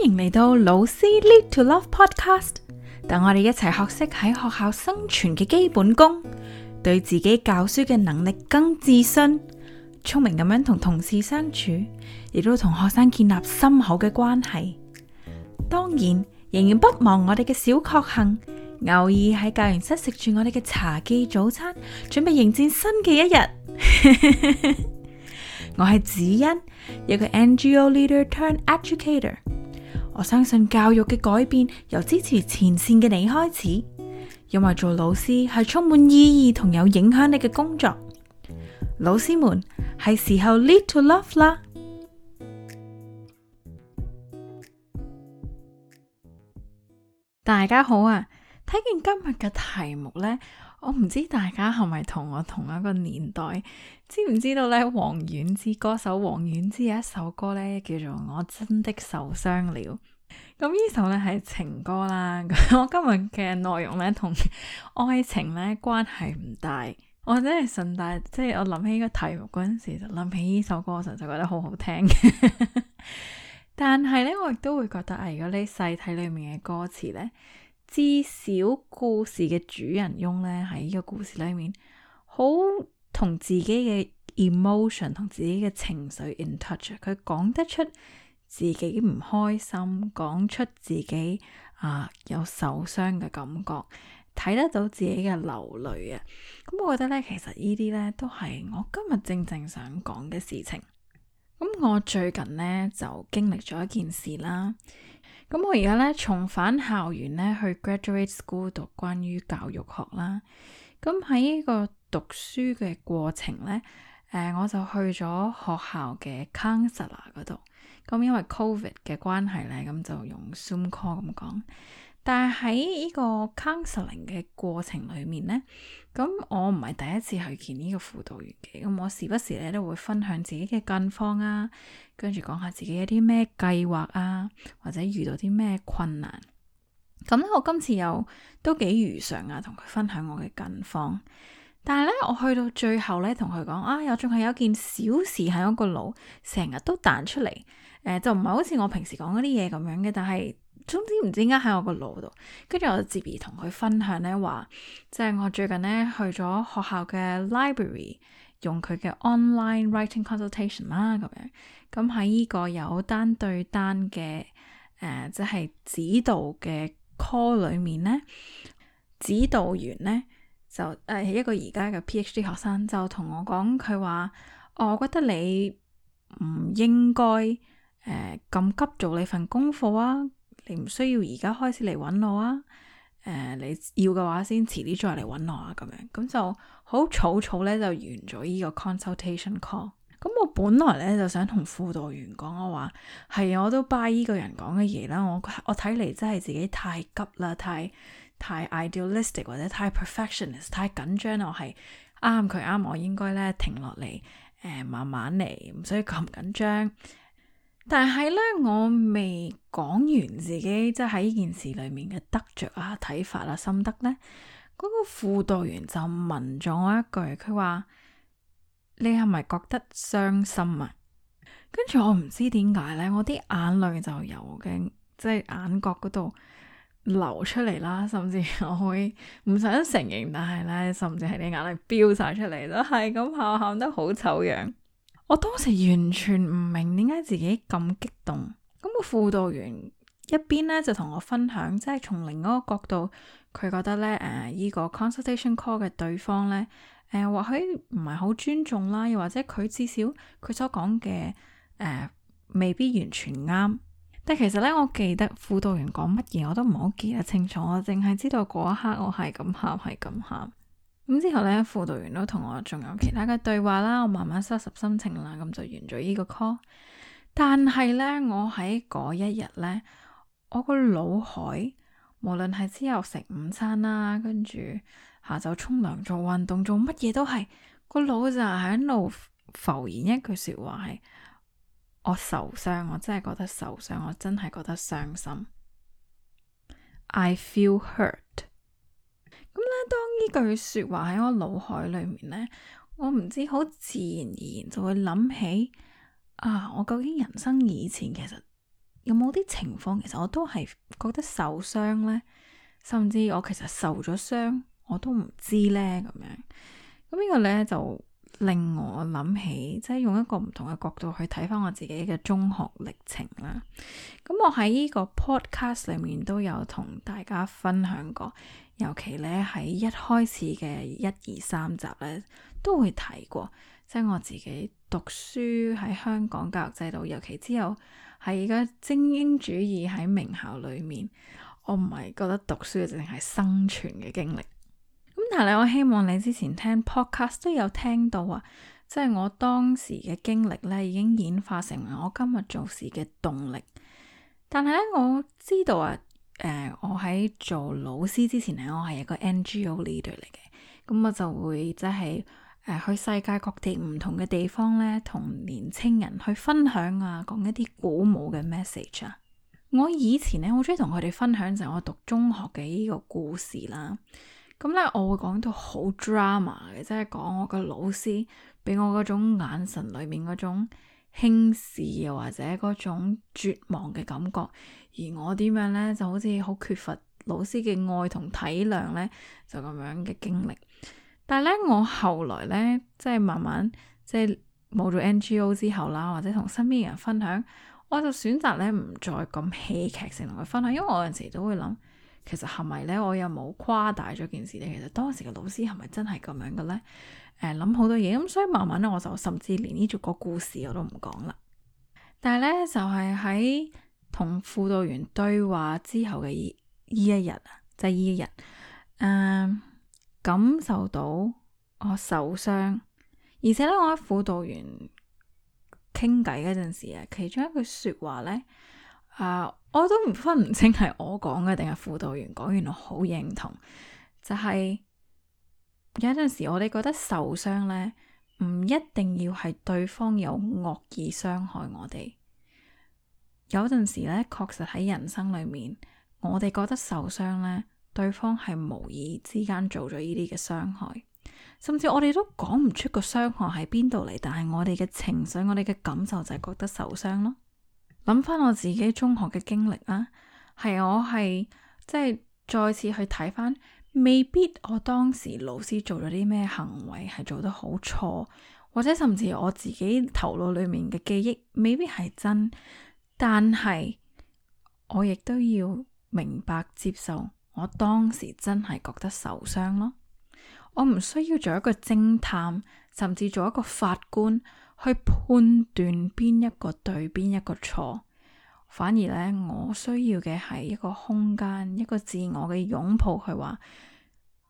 歡迎嚟到老師 Lead to Love Podcast，等我哋一齊學識喺學校生存嘅基本功，對自己教書嘅能力更自信，聰明咁樣同同事相處，亦都同學生建立深厚嘅關係。當然，仍然不忘我哋嘅小確幸，偶爾喺教員室食住我哋嘅茶記早餐，準備迎戰新嘅一日。 我係子欣，一個 NGO leader turn educator。Educ 我相信教育嘅改變由支持前線嘅你開始，因為做老師係充滿意義同有影響力嘅工作。老師們係時候 lead to love 啦！大家好啊，睇見今日嘅題目呢，我唔知大家係咪同我同一個年代，知唔知道咧？王菀之，歌手王菀之有一首歌咧，叫做《我真的受傷了》。咁呢首咧係情歌啦。 我今日嘅內容咧，同愛情咧，關係唔大，我真係順帶，即係我諗起個題目嗰陣時就諗起呢首歌，我實就覺得好好聽。 但係咧，我亦都會覺得，哎、啊，如果你細睇裏面嘅歌詞咧。至少故事嘅主人翁呢，喺呢個故事裏面，好同自己嘅 emotion 同自己嘅情緒 in touch，佢講得出自己唔開心，講出自己啊有受傷嘅感覺，睇得到自己嘅流淚啊，咁我覺得呢，其實呢啲呢都係我今日正正想講嘅事情。咁我最近呢，就經歷咗一件事啦。咁我而家咧，重返校園咧，去 graduate school 讀關於教育學啦。咁喺呢個讀書嘅過程咧，誒、呃、我就去咗學校嘅 counselor 嗰度。咁因為 covid 嘅關係咧，咁就用 zoom call 咁講。但係喺呢個 counseling 嘅過程裏面呢，咁我唔係第一次去見呢個輔導員嘅，咁我時不時咧都會分享自己嘅近況啊，跟住講下自己一啲咩計劃啊，或者遇到啲咩困難。咁我今次又都幾如常啊，同佢分享我嘅近況。但係呢，我去到最後呢，同佢講啊，又仲係有一件小事喺我個腦成日都彈出嚟，誒、呃、就唔係好似我平時講嗰啲嘢咁樣嘅，但係。總之唔知點解喺我個腦度，跟住我就接而同佢分享咧，話即係我最近咧去咗學校嘅 library，用佢嘅 online writing consultation 啦，咁樣咁喺呢個有單對單嘅誒、即、呃、係、就是、指導嘅 call 裏面咧，指導員咧就誒、呃、一個而家嘅 PhD 學生就同我講，佢話我覺得你唔應該誒咁急做你份功課啊。你唔需要而家開始嚟揾我啊。誒、呃，你要嘅話先遲啲再嚟揾我啊，咁樣咁就好草草咧就完咗依個 consultation call。咁我本來咧就想同輔導員講我話，係啊我都 buy 依個人講嘅嘢啦。我我睇嚟真係自己太急啦，太太 idealistic 或者太 perfectionist，太緊張。我係啱佢啱我，應該咧停落嚟，誒、呃、慢慢嚟，唔需要咁緊張。但係咧，我未講完自己即係喺呢件事裏面嘅得着啊、睇法啊、心得呢。嗰個輔導員就問咗我一句，佢話：你係咪覺得傷心啊？跟住我唔知點解咧，我啲眼淚就有嘅，即係眼角嗰度流出嚟啦，甚至我會唔想承認，但係咧，甚至係你眼淚飆晒出嚟啦，係咁喊，喊得好醜樣。我當時完全唔明點解自己咁激動，咁個輔導員一邊咧就同我分享，即係從另一個角度，佢覺得咧誒呢個 consultation call 嘅對方咧誒、呃、或許唔係好尊重啦，又或者佢至少佢所講嘅誒未必完全啱，但其實咧我記得輔導員講乜嘢我都唔好記得清楚，我淨係知道嗰一刻我係咁喊係咁喊。咁之後呢，輔導員都同我仲有其他嘅對話啦，我慢慢收拾心情啦，咁就完咗呢個 call。但係呢，我喺嗰一日呢，我個腦海無論係之後食午餐啦，跟住下晝沖涼做運動做乜嘢都係個腦就喺度浮現一句說話係：我受傷，我真係覺得受傷，我真係覺得傷心。I feel hurt。當呢句說話喺我腦海裏面呢，我唔知好自然而然就會諗起啊，我究竟人生以前其實有冇啲情況，其實我都係覺得受傷呢？甚至我其實受咗傷我都唔知呢。咁樣咁呢個呢就。令我諗起，即係用一個唔同嘅角度去睇翻我自己嘅中學歷程啦。咁我喺呢個 podcast 裏面都有同大家分享過，尤其咧喺一開始嘅一二三集咧都會提過，即係我自己讀書喺香港教育制度，尤其之後喺而家精英主義喺名校裏面，我唔係覺得讀書淨係生存嘅經歷。但係我希望你之前聽 podcast 都有聽到啊，即係我當時嘅經歷咧，已經演化成為我今日做事嘅動力。但係咧，我知道啊，誒、呃，我喺做老師之前咧，我係一個 NGO leader 嚟嘅，咁我就會即係誒去世界各地唔同嘅地方咧，同年青人去分享啊，講一啲鼓舞嘅 message 啊。我以前咧好中意同佢哋分享就係我讀中學嘅呢個故事啦。咁咧，我會講到好 drama 嘅，即係講我個老師俾我嗰種眼神裏面嗰種輕視又或者嗰種絕望嘅感覺，而我點樣咧，就好似好缺乏老師嘅愛同體諒咧，就咁樣嘅經歷。但係咧，我後來咧，即係慢慢即係冇咗 NGO 之後啦，或者同身邊嘅人分享，我就選擇咧唔再咁戲劇性同佢分享，因為我有時都會諗。其實係咪咧，我又冇誇大咗件事咧？其實當時嘅老師係咪真係咁樣嘅咧？誒、嗯，諗好多嘢，咁所以慢慢咧，我就甚至連呢個故事我都唔講啦。但係咧，就係喺同輔導員對話之後嘅呢一日啊，就係呢一日，誒、就是呃，感受到我受傷，而且咧，我喺輔導員傾偈嗰陣時啊，其中一句說話咧，啊、呃。我都唔分唔清係我講嘅定係輔導員講完，我好認同。就係有陣時，我哋覺得受傷咧，唔一定要係對方有惡意傷害我哋。有陣時咧，確實喺人生裏面，我哋覺得受傷咧，對方係無意之間做咗呢啲嘅傷害，甚至我哋都講唔出個傷害喺邊度嚟，但係我哋嘅情緒、我哋嘅感受就係覺得受傷咯。諗翻我自己中學嘅經歷啦，係我係即係再次去睇翻，未必我當時老師做咗啲咩行為係做得好錯，或者甚至我自己頭腦裏面嘅記憶未必係真，但係我亦都要明白接受，我當時真係覺得受傷咯。我唔需要做一個偵探，甚至做一個法官。去判斷邊一個對邊一個錯，反而咧，我需要嘅係一個空間，一個自我嘅擁抱去，去話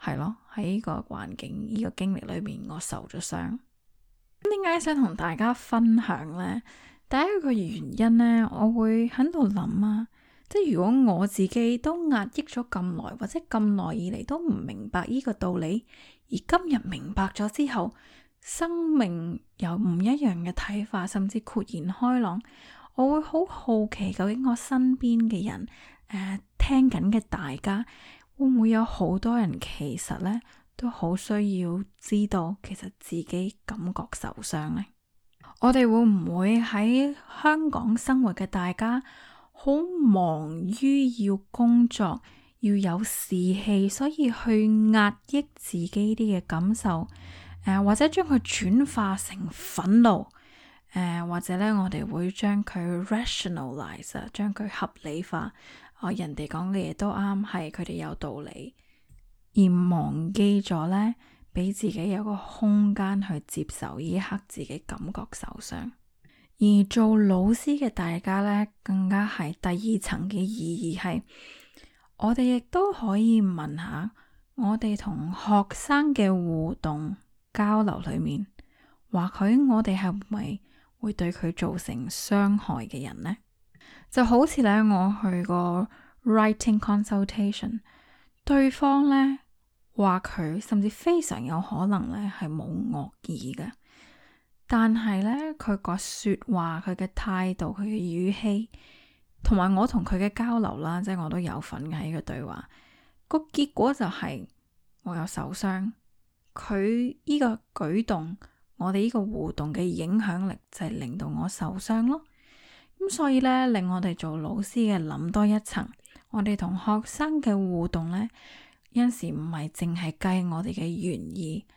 係咯，喺個環境、呢個經歷裏面，我受咗傷。點解想同大家分享呢？第一個原因呢，我會喺度諗啊，即係如果我自己都壓抑咗咁耐，或者咁耐以嚟都唔明白呢個道理，而今日明白咗之後，生命有唔一樣嘅睇法，甚至豁然開朗。我會好好奇，究竟我身邊嘅人，誒、呃，聽緊嘅大家，會唔會有好多人其實呢都好需要知道，其實自己感覺受傷咧。我哋會唔會喺香港生活嘅大家，好忙於要工作，要有士氣，所以去壓抑自己啲嘅感受？誒、呃，或者將佢轉化成憤怒，誒，或者咧，我哋會將佢 rationalize，將佢合理化。哦，人哋講嘅嘢都啱，係佢哋有道理，而忘記咗咧，俾自己有一個空間去接受呢一刻自己感覺受傷。而做老師嘅大家咧，更加係第二層嘅意義係，我哋亦都可以問下我哋同學生嘅互動。交流裏面，話佢我哋係咪會對佢造成傷害嘅人呢？就好似咧，我去個 writing consultation，對方呢話佢，甚至非常有可能咧係冇惡意嘅，但係呢，佢個說話、佢嘅態度、佢嘅語氣，同埋我同佢嘅交流啦，即係我都有份喺佢對話，個結果就係我有受傷。佢呢個舉動，我哋呢個互動嘅影響力就係令到我受傷咯。咁所以咧，令我哋做老師嘅諗多一層，我哋同學生嘅互動咧，有時唔係淨係計我哋嘅原意，誒、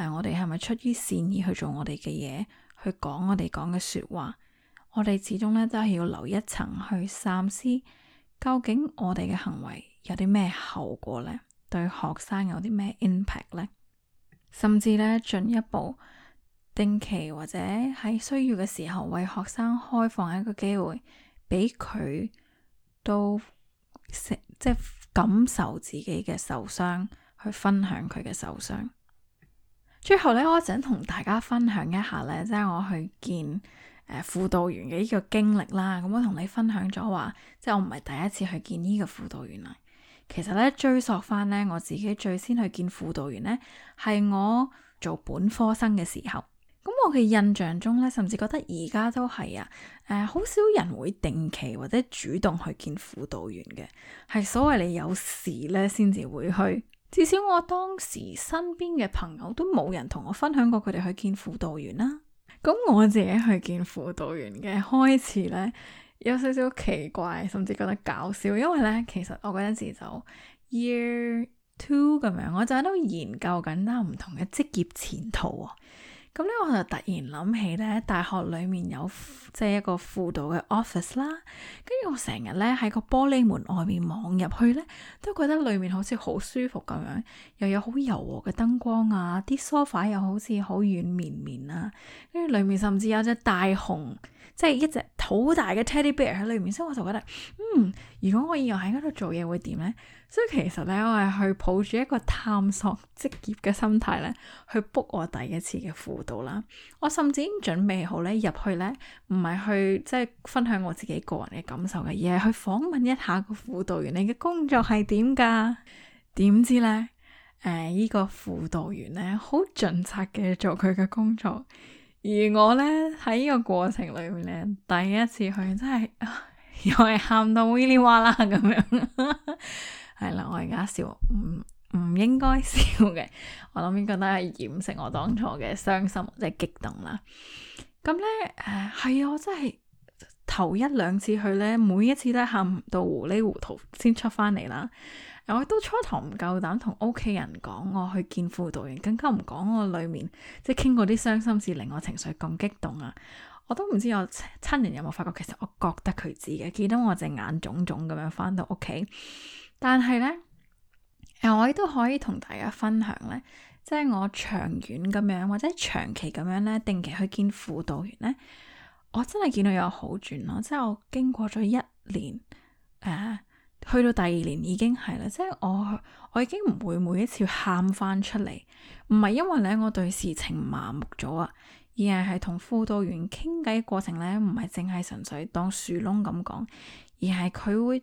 呃，我哋係咪出於善意去做我哋嘅嘢，去講我哋講嘅說話，我哋始終咧都係要留一層去三思，究竟我哋嘅行為有啲咩後果咧，對學生有啲咩 impact 咧？甚至咧，進一步定期或者喺需要嘅時候，為學生開放一個機會，俾佢都食即係感受自己嘅受傷，去分享佢嘅受傷。最後咧，我想同大家分享一下咧，即係我去見誒、呃、輔導員嘅呢個經歷啦。咁、嗯、我同你分享咗話，即係我唔係第一次去見呢個輔導員啦。其實咧，追溯翻咧，我自己最先去見輔導員咧，係我做本科生嘅時候。咁我嘅印象中咧，甚至覺得而家都係啊，誒、呃，好少人會定期或者主動去見輔導員嘅，係所謂你有事咧先至會去。至少我當時身邊嘅朋友都冇人同我分享過佢哋去見輔導員啦。咁我自己去見輔導員嘅開始咧，有少少奇怪，甚至覺得搞笑，因為咧，其實我嗰陣時就 year two 咁樣，我就喺度研究緊啦，唔同嘅職業前途啊。咁咧，我就突然諗起咧，大學裏面有即係一個輔導嘅 office 啦。跟住我成日咧喺個玻璃門外面望入去咧，都覺得裏面好似好舒服咁樣，又有好柔和嘅燈光啊，啲 sofa 又好似好軟綿綿啊。跟住裏面甚至有隻大熊。即係一隻好大嘅 teddy bear 喺裏面，所以我就覺得，嗯，如果我以後喺嗰度做嘢會點呢？所以其實咧，我係去抱住一個探索職業嘅心態咧，去 book 我第一次嘅輔導啦。我甚至已經準備好咧入去咧，唔係去即係分享我自己個人嘅感受嘅，而係去訪問一下個輔導員你嘅工作係點㗎？點知咧，誒、呃、依、呢個輔導員咧好盡責嘅做佢嘅工作。而我咧喺呢個過程裏面咧，第一次去真係、啊、又係喊到嗚哩哇啦咁樣，係 啦，我而家笑唔唔應該笑嘅，我諗應該係掩飾我當初嘅傷心即係激動啦。咁咧誒，係啊，呃、我真係。頭一兩次去咧，每一次都喊到糊裏糊塗先出翻嚟啦。我都初頭唔夠膽同屋企人講我去見輔導員，更加唔講我裏面即係傾過啲傷心事，令我情緒咁激動啊。我都唔知我親人有冇發覺？其實我覺得佢知嘅，見到我隻眼腫腫咁樣翻到屋企。但係咧，我亦都可以同大家分享咧，即係我長遠咁樣或者長期咁樣咧，定期去見輔導員咧。我真係見到有好轉咯，即係我經過咗一年，誒、呃，去到第二年已經係啦，即係我我已經唔會每一次喊翻出嚟，唔係因為咧我對事情麻木咗啊，而係係同輔導員傾偈過程咧，唔係淨係純粹當樹窿咁講，而係佢會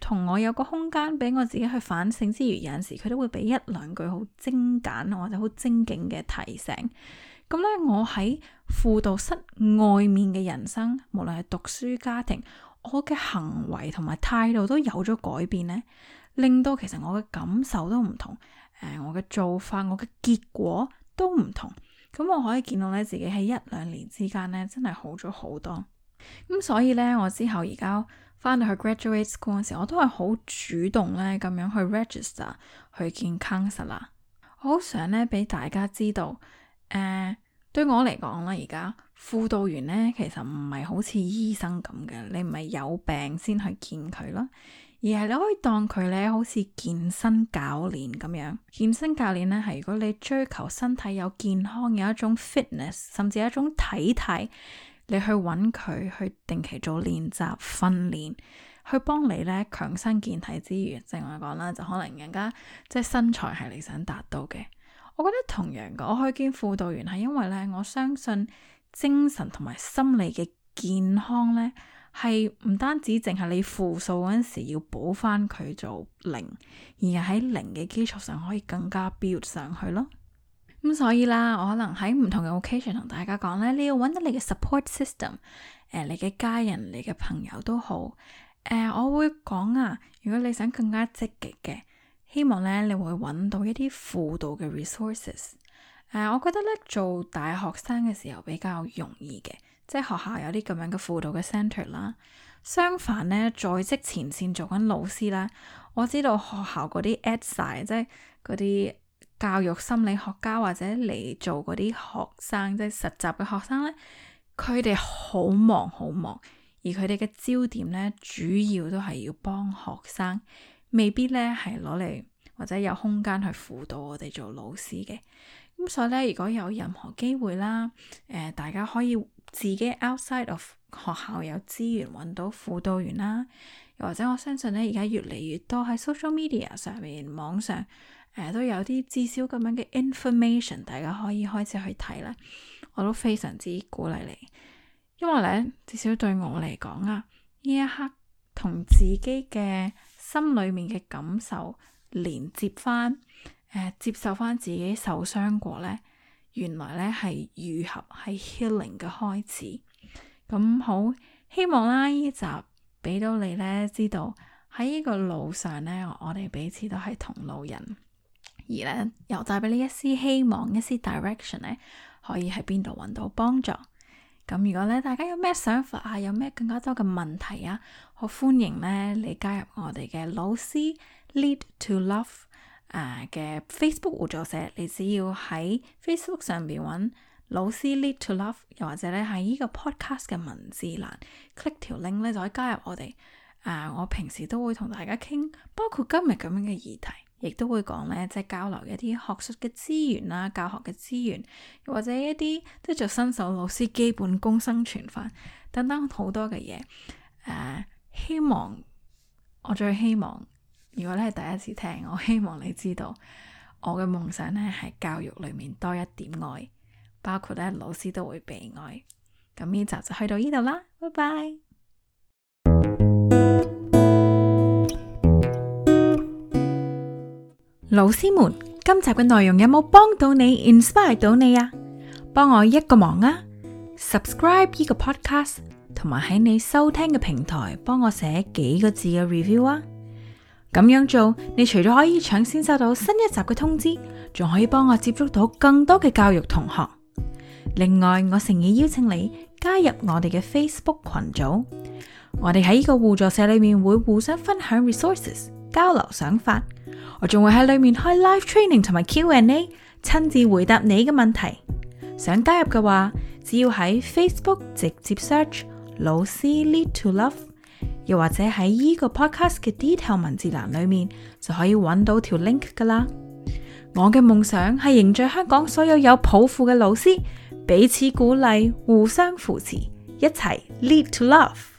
同我有個空間俾我自己去反省之餘，有陣時佢都會俾一兩句好精簡或者好精警嘅提醒。咁咧，我喺輔導室外面嘅人生，無論係讀書、家庭，我嘅行為同埋態度都有咗改變咧，令到其實我嘅感受都唔同，誒、呃，我嘅做法、我嘅結果都唔同。咁我可以見到咧，自己喺一兩年之間咧，真係好咗好多。咁所以咧，我之後而家翻到去 graduate school 嗰陣時，我都係好主動咧，咁樣去 register 去見 counselor。我好想咧，俾大家知道，誒、呃。對我嚟講咧，而家輔導員呢，其實唔係好似醫生咁嘅，你唔係有病先去見佢啦，而係你可以當佢咧，好似健身教練咁樣。健身教練呢，係如果你追求身體有健康，有一種 fitness，甚至有一種體態，你去揾佢去定期做練習訓練，去幫你咧，強身健體之餘，正話講啦，就可能人家即係身材係你想達到嘅。我覺得同樣嘅，我去見輔導員係因為咧，我相信精神同埋心理嘅健康咧係唔單止淨係你負數嗰陣時要補翻佢做零，而係喺零嘅基礎上可以更加 build 上去咯。咁、嗯、所以啦，我可能喺唔同嘅 occasion 同大家講咧，你要搵到你嘅 support system，誒、呃，你嘅家人、你嘅朋友都好，誒、呃，我會講啊，如果你想更加積極嘅。希望咧，你會揾到一啲輔導嘅 resources。誒，uh，我覺得咧，做大學生嘅時候比較容易嘅，即係學校有啲咁樣嘅輔導嘅 center 啦。相反咧，在職前線做緊老師啦。我知道學校嗰啲 ad side，即係嗰啲教育心理學家或者嚟做嗰啲學生，即係實習嘅學生咧，佢哋好忙好忙，而佢哋嘅焦點咧，主要都係要幫學生。未必咧，係攞嚟或者有空間去輔導我哋做老師嘅。咁所以咧，如果有任何機會啦，誒、呃，大家可以自己 outside of 學校有資源揾到輔導員啦，又或者我相信咧，而家越嚟越多喺 social media 上面網上誒、呃、都有啲至少咁樣嘅 information，大家可以開始去睇啦。我都非常之鼓勵你，因為咧，至少對我嚟講啊，呢一刻同自己嘅。心裏面嘅感受連接翻，誒、呃，接受翻自己受傷過呢，原來呢係愈合係 healing 嘅開始。咁好，希望啦呢一集俾到你呢，知道喺呢個路上呢，我哋彼此都係同路人，而呢，又帶俾你一絲希望，一絲 direction 呢可以喺邊度搵到幫助。咁如果咧，大家有咩想法啊，有咩更加多嘅問題啊，好歡迎咧，你加入我哋嘅老師 Lead to Love 啊嘅 Facebook 互助社。你只要喺 Facebook 上邊揾老師 Lead to Love，又或者咧喺呢個 Podcast 嘅文字欄 click 條 link 咧，就可以加入我哋。啊，我平時都會同大家傾，包括今日咁樣嘅議題。亦都會講咧，即係交流一啲學術嘅資源啦，教學嘅資源，又或者一啲即係做新手老師基本功生存法等等好多嘅嘢。誒、uh，希望我最希望，如果你係第一次聽，我希望你知道我嘅夢想咧，係教育裏面多一點愛，包括咧，老師都會被愛。咁呢集就去到呢度啦，拜拜。老師們，今集嘅內容有冇幫到你，inspire 到你啊？幫我一個忙啊，subscribe 呢個 podcast，同埋喺你收聽嘅平台幫我寫幾個字嘅 review 啊。咁樣做，你除咗可以搶先收到新一集嘅通知，仲可以幫我接觸到更多嘅教育同學。另外，我誠意邀請你加入我哋嘅 Facebook 群組，我哋喺呢個互助社裏面會互相分享 resources。交流想法，我仲會喺裏面開 live training 同埋 Q&A，親自回答你嘅問題。想加入嘅話，只要喺 Facebook 直接 search 老師 Lead to Love，又或者喺呢個 podcast 嘅 detail 文字欄裏面就可以揾到條 link 噶啦。我嘅夢想係凝聚香港所有有抱負嘅老師，彼此鼓勵，互相扶持，一齊 Lead to Love。